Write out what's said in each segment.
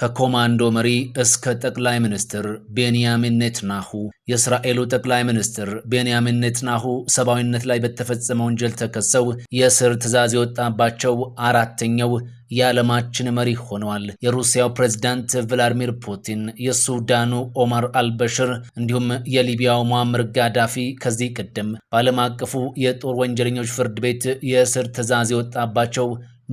ከኮማንዶ መሪ እስከ ጠቅላይ ሚኒስትር ቤንያሚን ኔትናሁ የእስራኤሉ ጠቅላይ ሚኒስትር ቤንያሚን ኔትናሁ ሰብአዊነት ላይ በተፈጸመ ወንጀል ተከሰው የእስር ትዕዛዝ የወጣባቸው አራተኛው የዓለማችን መሪ ሆነዋል። የሩሲያው ፕሬዝዳንት ቭላድሚር ፑቲን፣ የሱዳኑ ኦማር አልበሽር እንዲሁም የሊቢያው ሙአምር ጋዳፊ ከዚህ ቀደም በዓለም አቀፉ የጦር ወንጀለኞች ፍርድ ቤት የእስር ትዕዛዝ የወጣባቸው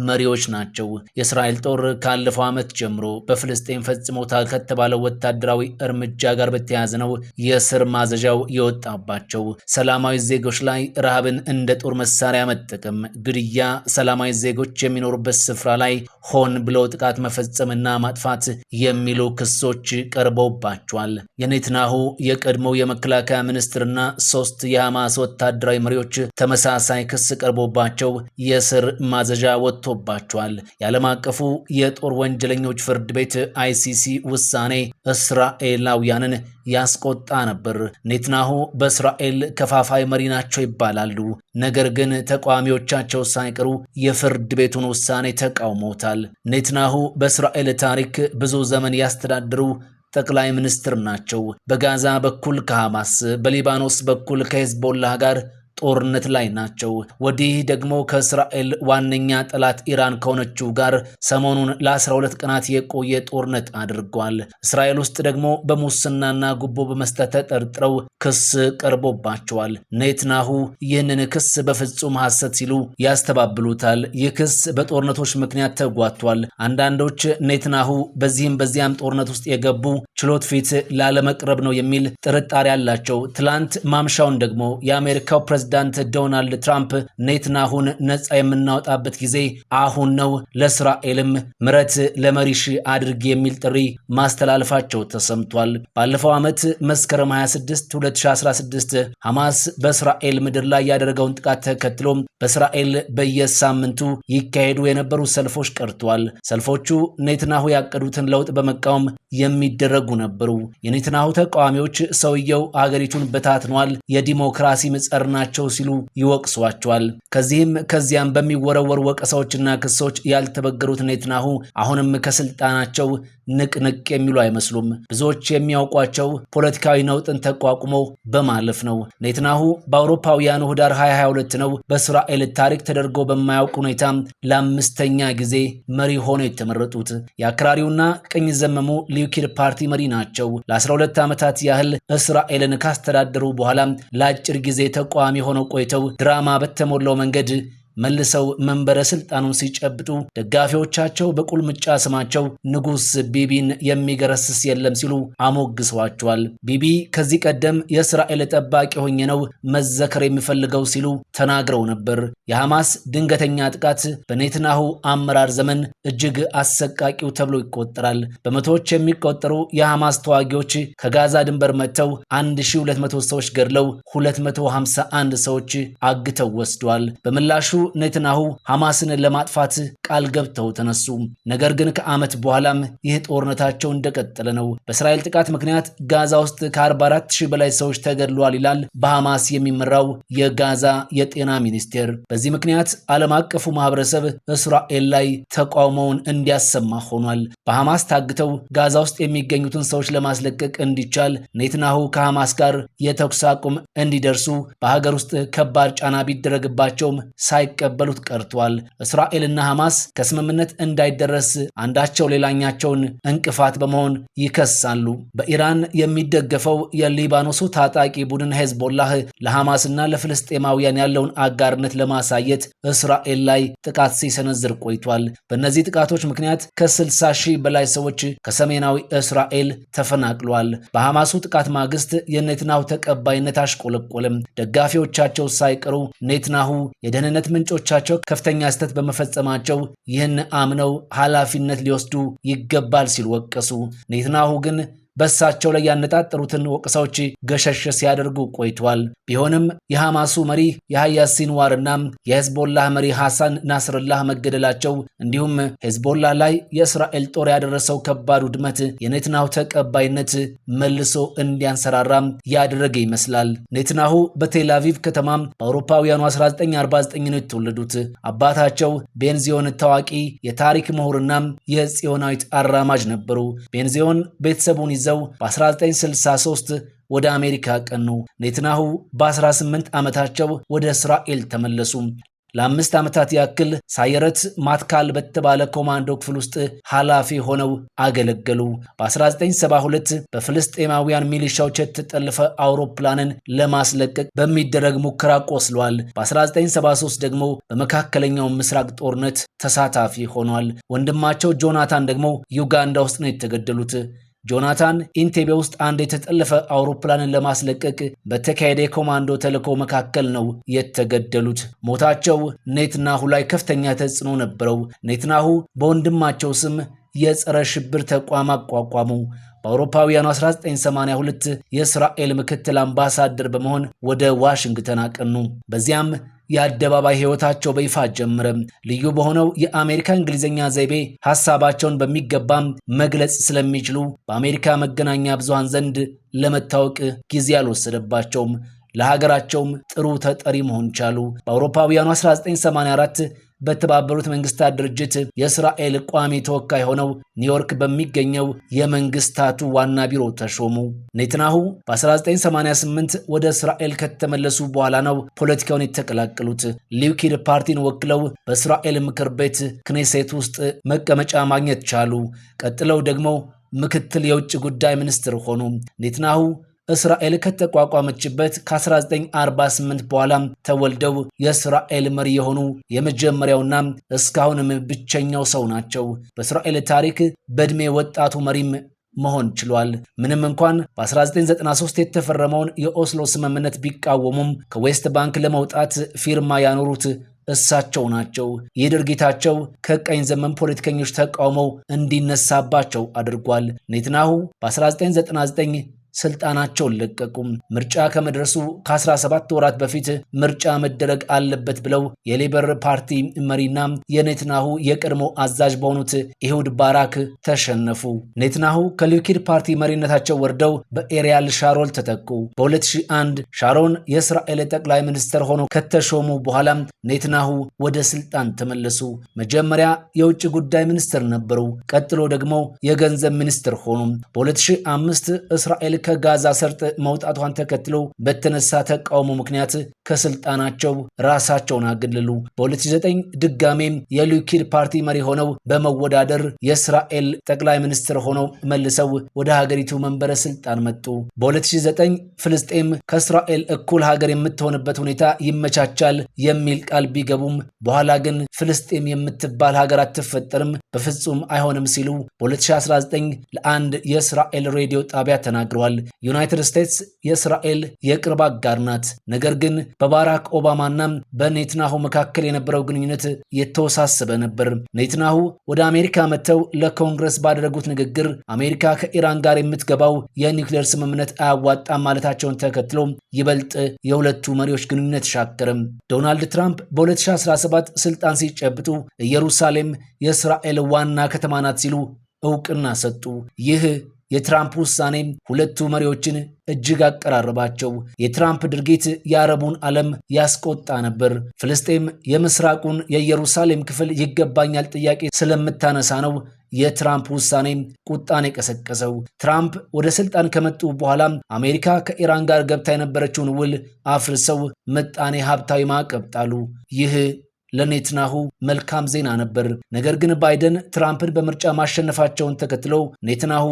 መሪዎች ናቸው። የእስራኤል ጦር ካለፈው ዓመት ጀምሮ በፍልስጤን ፈጽሞታል ከተባለው ወታደራዊ እርምጃ ጋር በተያያዘ ነው የእስር ማዘዣው የወጣባቸው። ሰላማዊ ዜጎች ላይ ረሃብን እንደ ጦር መሳሪያ መጠቀም፣ ግድያ፣ ሰላማዊ ዜጎች የሚኖሩበት ስፍራ ላይ ሆን ብለው ጥቃት መፈጸምና ማጥፋት የሚሉ ክሶች ቀርበውባቸዋል። የኔትናሁ የቀድሞው የመከላከያ ሚኒስትርና ሶስት የሐማስ ወታደራዊ መሪዎች ተመሳሳይ ክስ ቀርቦባቸው የእስር ማዘዣ ወጥ ወጥቶባቸዋል። የዓለም አቀፉ የጦር ወንጀለኞች ፍርድ ቤት አይሲሲ ውሳኔ እስራኤላውያንን ያስቆጣ ነበር። ኔትናሁ በእስራኤል ከፋፋይ መሪ ናቸው ይባላሉ። ነገር ግን ተቃዋሚዎቻቸው ሳይቀሩ የፍርድ ቤቱን ውሳኔ ተቃውሞታል። ኔትናሁ በእስራኤል ታሪክ ብዙ ዘመን ያስተዳድሩ ጠቅላይ ሚኒስትር ናቸው። በጋዛ በኩል ከሐማስ በሊባኖስ በኩል ከሄዝቦላ ጋር ጦርነት ላይ ናቸው። ወዲህ ደግሞ ከእስራኤል ዋነኛ ጠላት ኢራን ከሆነችው ጋር ሰሞኑን ለ12 ቀናት የቆየ ጦርነት አድርጓል። እስራኤል ውስጥ ደግሞ በሙስናና ጉቦ በመስጠት ተጠርጥረው ክስ ቀርቦባቸዋል። ኔትናሁ ይህንን ክስ በፍጹም ሐሰት ሲሉ ያስተባብሉታል። ይህ ክስ በጦርነቶች ምክንያት ተጓቷል። አንዳንዶች ኔትናሁ በዚህም በዚያም ጦርነት ውስጥ የገቡ ችሎት ፊት ላለመቅረብ ነው የሚል ጥርጣሬ አላቸው። ትላንት ማምሻውን ደግሞ የአሜሪካው ፕሬዚደንት ፕሬዝዳንት ዶናልድ ትራምፕ ኔትናሁን ነጻ የምናወጣበት ጊዜ አሁን ነው፣ ለእስራኤልም ምረት ለመሪሽ አድርግ የሚል ጥሪ ማስተላለፋቸው ተሰምቷል። ባለፈው ዓመት መስከረም 26 2016 ሐማስ በእስራኤል ምድር ላይ ያደረገውን ጥቃት ተከትሎም በእስራኤል በየሳምንቱ ይካሄዱ የነበሩ ሰልፎች ቀርተዋል። ሰልፎቹ ኔትናሁ ያቀዱትን ለውጥ በመቃወም የሚደረጉ ነበሩ። የኔትናሁ ተቃዋሚዎች ሰውየው አገሪቱን በታትኗል፣ የዲሞክራሲ ምጸር ናቸው ናቸው ሲሉ ይወቅሷቸዋል። ከዚህም ከዚያም በሚወረወሩ ወቀሳዎችና ክሶች ያልተበገሩት ኔትናሁ አሁንም ከስልጣናቸው ንቅንቅ የሚሉ አይመስሉም። ብዙዎች የሚያውቋቸው ፖለቲካዊ ነውጥን ተቋቁመው በማለፍ ነው። ኔትናሁ በአውሮፓውያኑ ህዳር 2022 ነው በእስራኤል ታሪክ ተደርጎ በማያውቅ ሁኔታ ለአምስተኛ ጊዜ መሪ ሆነው የተመረጡት። የአክራሪውና ቀኝ ዘመሙ ሊኪድ ፓርቲ መሪ ናቸው። ለ12 ዓመታት ያህል እስራኤልን ካስተዳደሩ በኋላ ለአጭር ጊዜ ተቋሚ ሆነው ቆይተው ድራማ በተሞላው መንገድ መልሰው መንበረ ስልጣኑን ሲጨብጡ ደጋፊዎቻቸው በቁልምጫ ስማቸው ንጉስ ቢቢን የሚገረስስ የለም ሲሉ አሞግሰዋቸዋል። ቢቢ ከዚህ ቀደም የእስራኤል ጠባቂ ሆኜ ነው መዘከር የሚፈልገው ሲሉ ተናግረው ነበር። የሐማስ ድንገተኛ ጥቃት በኔትናሁ አመራር ዘመን እጅግ አሰቃቂው ተብሎ ይቆጠራል። በመቶዎች የሚቆጠሩ የሐማስ ተዋጊዎች ከጋዛ ድንበር መጥተው 1200 ሰዎች ገድለው 251 ሰዎች አግተው ወስደዋል። በምላሹ ኔትናሁ ሐማስን ለማጥፋት ቃል ገብተው ተነሱ። ነገር ግን ከዓመት በኋላም ይህ ጦርነታቸው እንደቀጠለ ነው። በእስራኤል ጥቃት ምክንያት ጋዛ ውስጥ ከ44 ሺህ በላይ ሰዎች ተገድሏል ይላል በሐማስ የሚመራው የጋዛ የጤና ሚኒስቴር። በዚህ ምክንያት ዓለም አቀፉ ማህበረሰብ እስራኤል ላይ ተቃውሞውን እንዲያሰማ ሆኗል። በሐማስ ታግተው ጋዛ ውስጥ የሚገኙትን ሰዎች ለማስለቀቅ እንዲቻል ኔትናሁ ከሐማስ ጋር የተኩስ አቁም እንዲደርሱ በሀገር ውስጥ ከባድ ጫና ቢደረግባቸውም ሳይ ሳይቀበሉት ቀርቷል። እስራኤልና ሐማስ ከስምምነት እንዳይደረስ አንዳቸው ሌላኛቸውን እንቅፋት በመሆን ይከሳሉ። በኢራን የሚደገፈው የሊባኖሱ ታጣቂ ቡድን ሄዝቦላህ ለሐማስና ለፍልስጤማውያን ያለውን አጋርነት ለማሳየት እስራኤል ላይ ጥቃት ሲሰነዝር ቆይቷል። በእነዚህ ጥቃቶች ምክንያት ከ60 ሺህ በላይ ሰዎች ከሰሜናዊ እስራኤል ተፈናቅሏል። በሐማሱ ጥቃት ማግስት የኔትናሁ ተቀባይነት አሽቆለቆለም። ደጋፊዎቻቸው ሳይቀሩ ኔትናሁ የደህንነት ምን ምንጮቻቸው ከፍተኛ ስህተት በመፈጸማቸው ይህን አምነው ኃላፊነት ሊወስዱ ይገባል ሲል ወቀሱ። ኔትናሁ ግን በእሳቸው ላይ ያነጣጠሩትን ወቀሳዎች ገሸሽ ሲያደርጉ ቆይቷል። ቢሆንም የሐማሱ መሪ የሐያ ሲንዋርና የሄዝቦላህ መሪ ሐሳን ናስርላህ መገደላቸው እንዲሁም ሄዝቦላ ላይ የእስራኤል ጦር ያደረሰው ከባድ ውድመት የኔትናሁ ተቀባይነት መልሶ እንዲያንሰራራም ያደረገ ይመስላል። ኔትናሁ በቴልአቪቭ ከተማ በአውሮፓውያኑ 1949 ነው የተወለዱት። አባታቸው ቤንዚዮን ታዋቂ የታሪክ ምሁርና የጽዮናዊት አራማጅ ነበሩ። ቤንዚዮን ቤተሰቡን ይዘው በ1963 ወደ አሜሪካ ቀኑ። ኔትናሁ በ18 ዓመታቸው ወደ እስራኤል ተመለሱ። ለአምስት ዓመታት ያክል ሳየረት ማትካል በተባለ ኮማንዶ ክፍል ውስጥ ኃላፊ ሆነው አገለገሉ። በ1972 በፍልስጤማውያን ሚሊሻዎች የተጠለፈ አውሮፕላንን ለማስለቀቅ በሚደረግ ሙከራ ቆስሏል። በ1973 ደግሞ በመካከለኛው ምስራቅ ጦርነት ተሳታፊ ሆኗል። ወንድማቸው ጆናታን ደግሞ ዩጋንዳ ውስጥ ነው የተገደሉት። ጆናታን ኢንቴቤ ውስጥ አንድ የተጠለፈ አውሮፕላንን ለማስለቀቅ በተካሄደ የኮማንዶ ተልዕኮ መካከል ነው የተገደሉት። ሞታቸው ኔትናሁ ላይ ከፍተኛ ተጽዕኖ ነበረው። ኔትናሁ በወንድማቸው ስም የጸረ ሽብር ተቋም አቋቋሙ። በአውሮፓውያኑ 1982 የእስራኤል ምክትል አምባሳደር በመሆን ወደ ዋሽንግተን አቀኑ። በዚያም የአደባባይ ሕይወታቸው በይፋ ጀምረ ልዩ በሆነው የአሜሪካ እንግሊዝኛ ዘይቤ ሐሳባቸውን በሚገባም መግለጽ ስለሚችሉ በአሜሪካ መገናኛ ብዙሃን ዘንድ ለመታወቅ ጊዜ አልወሰደባቸውም። ለሀገራቸውም ጥሩ ተጠሪ መሆን ቻሉ። በአውሮፓውያኑ 1984 በተባበሩት መንግስታት ድርጅት የእስራኤል ቋሚ ተወካይ ሆነው ኒውዮርክ በሚገኘው የመንግስታቱ ዋና ቢሮ ተሾሙ። ኔትናሁ በ1988 ወደ እስራኤል ከተመለሱ በኋላ ነው ፖለቲካውን የተቀላቀሉት። ሊውኪድ ፓርቲን ወክለው በእስራኤል ምክር ቤት ክኔሴት ውስጥ መቀመጫ ማግኘት ቻሉ። ቀጥለው ደግሞ ምክትል የውጭ ጉዳይ ሚኒስትር ሆኑ። ኔትናሁ እስራኤል ከተቋቋመችበት ከ1948 በኋላ ተወልደው የእስራኤል መሪ የሆኑ የመጀመሪያውና እስካሁንም ብቸኛው ሰው ናቸው። በእስራኤል ታሪክ በዕድሜ ወጣቱ መሪም መሆን ችሏል። ምንም እንኳን በ1993 የተፈረመውን የኦስሎ ስምምነት ቢቃወሙም ከዌስት ባንክ ለመውጣት ፊርማ ያኖሩት እሳቸው ናቸው። ይህ ድርጊታቸው ከቀኝ ዘመን ፖለቲከኞች ተቃውሞው እንዲነሳባቸው አድርጓል። ኔትናሁ በ1999 ስልጣናቸውን ለቀቁ። ምርጫ ከመድረሱ ከ17 ወራት በፊት ምርጫ መደረግ አለበት ብለው የሌበር ፓርቲ መሪና የኔትናሁ የቀድሞ አዛዥ በሆኑት ኢሁድ ባራክ ተሸነፉ። ኔትናሁ ከሊኩድ ፓርቲ መሪነታቸው ወርደው በኤሪያል ሻሮል ተተኩ። በ2001 ሻሮን የእስራኤል ጠቅላይ ሚኒስትር ሆኖ ከተሾሙ በኋላ ኔትናሁ ወደ ስልጣን ተመለሱ። መጀመሪያ የውጭ ጉዳይ ሚኒስትር ነበሩ። ቀጥሎ ደግሞ የገንዘብ ሚኒስትር ሆኑ። በ2005 እስራኤል ከጋዛ ሰርጥ መውጣቷን ተከትሎ በተነሳ ተቃውሞ ምክንያት ከስልጣናቸው ራሳቸውን አገለሉ። በ2009 ድጋሜም የሊኪድ ፓርቲ መሪ ሆነው በመወዳደር የእስራኤል ጠቅላይ ሚኒስትር ሆነው መልሰው ወደ ሀገሪቱ መንበረ ስልጣን መጡ። በ2009 ፍልስጤም ከእስራኤል እኩል ሀገር የምትሆንበት ሁኔታ ይመቻቻል የሚል ቃል ቢገቡም በኋላ ግን ፍልስጤም የምትባል ሀገር አትፈጠርም፣ በፍጹም አይሆንም ሲሉ በ2019 ለአንድ የእስራኤል ሬዲዮ ጣቢያ ተናግረዋል። ተናግረዋል። ዩናይትድ ስቴትስ የእስራኤል የቅርብ አጋር ናት። ነገር ግን በባራክ ኦባማና በኔትናሁ መካከል የነበረው ግንኙነት የተወሳሰበ ነበር። ኔትናሁ ወደ አሜሪካ መጥተው ለኮንግረስ ባደረጉት ንግግር አሜሪካ ከኢራን ጋር የምትገባው የኒውክሌር ስምምነት አያዋጣም ማለታቸውን ተከትሎ ይበልጥ የሁለቱ መሪዎች ግንኙነት ሻከረም። ዶናልድ ትራምፕ በ2017 ስልጣን ሲጨብጡ ኢየሩሳሌም የእስራኤል ዋና ከተማ ናት ሲሉ እውቅና ሰጡ። ይህ የትራምፕ ውሳኔም ሁለቱ መሪዎችን እጅግ አቀራረባቸው። የትራምፕ ድርጊት የአረቡን ዓለም ያስቆጣ ነበር። ፍልስጤም የምስራቁን የኢየሩሳሌም ክፍል ይገባኛል ጥያቄ ስለምታነሳ ነው የትራምፕ ውሳኔ ቁጣን የቀሰቀሰው። ትራምፕ ወደ ስልጣን ከመጡ በኋላ አሜሪካ ከኢራን ጋር ገብታ የነበረችውን ውል አፍርሰው ምጣኔ ሀብታዊ ማዕቀብ ጣሉ። ይህ ለኔትናሁ መልካም ዜና ነበር። ነገር ግን ባይደን ትራምፕን በምርጫ ማሸነፋቸውን ተከትለው ኔትናሁ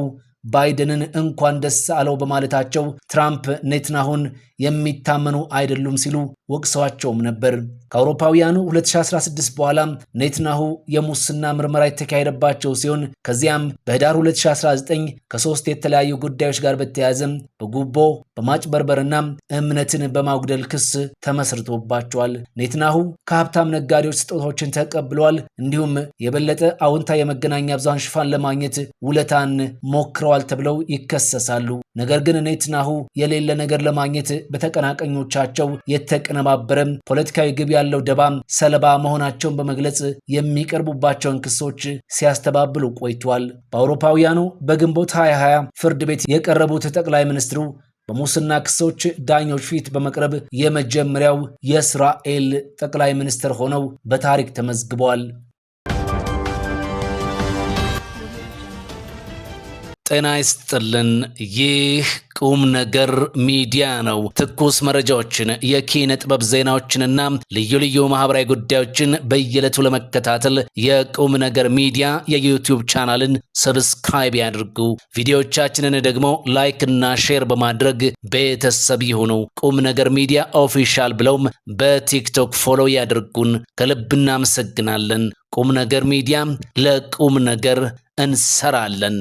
ባይደንን እንኳን ደስ አለው በማለታቸው ትራምፕ ኔትናሁን የሚታመኑ አይደሉም ሲሉ ወቅሰዋቸውም ነበር። ከአውሮፓውያኑ 2016 በኋላ ኔትናሁ የሙስና ምርመራ የተካሄደባቸው ሲሆን ከዚያም በህዳር 2019 ከሶስት የተለያዩ ጉዳዮች ጋር በተያያዘ በጉቦ በማጭበርበርና እምነትን በማጉደል ክስ ተመስርቶባቸዋል። ኔትናሁ ከሀብታም ነጋዴዎች ስጦታዎችን ተቀብለዋል፣ እንዲሁም የበለጠ አዎንታ የመገናኛ ብዙሃን ሽፋን ለማግኘት ውለታን ሞክረዋል ተፈጥረዋል ተብለው ይከሰሳሉ። ነገር ግን ኔትናሁ የሌለ ነገር ለማግኘት በተቀናቀኞቻቸው የተቀነባበረም ፖለቲካዊ ግብ ያለው ደባም ሰለባ መሆናቸውን በመግለጽ የሚቀርቡባቸውን ክሶች ሲያስተባብሉ ቆይቷል። በአውሮፓውያኑ በግንቦት 2020 ፍርድ ቤት የቀረቡት ጠቅላይ ሚኒስትሩ በሙስና ክሶች ዳኞች ፊት በመቅረብ የመጀመሪያው የእስራኤል ጠቅላይ ሚኒስትር ሆነው በታሪክ ተመዝግበዋል። ጤና ይስጥልን። ይህ ቁም ነገር ሚዲያ ነው። ትኩስ መረጃዎችን፣ የኪነ ጥበብ ዜናዎችንና ልዩ ልዩ ማህበራዊ ጉዳዮችን በየዕለቱ ለመከታተል የቁም ነገር ሚዲያ የዩቲዩብ ቻናልን ሰብስክራይብ ያድርጉ። ቪዲዮቻችንን ደግሞ ላይክ እና ሼር በማድረግ ቤተሰብ ይሁኑ። ቁም ነገር ሚዲያ ኦፊሻል ብለውም በቲክቶክ ፎሎ ያድርጉን። ከልብ እናመሰግናለን። ቁም ነገር ሚዲያ ለቁም ነገር እንሰራለን።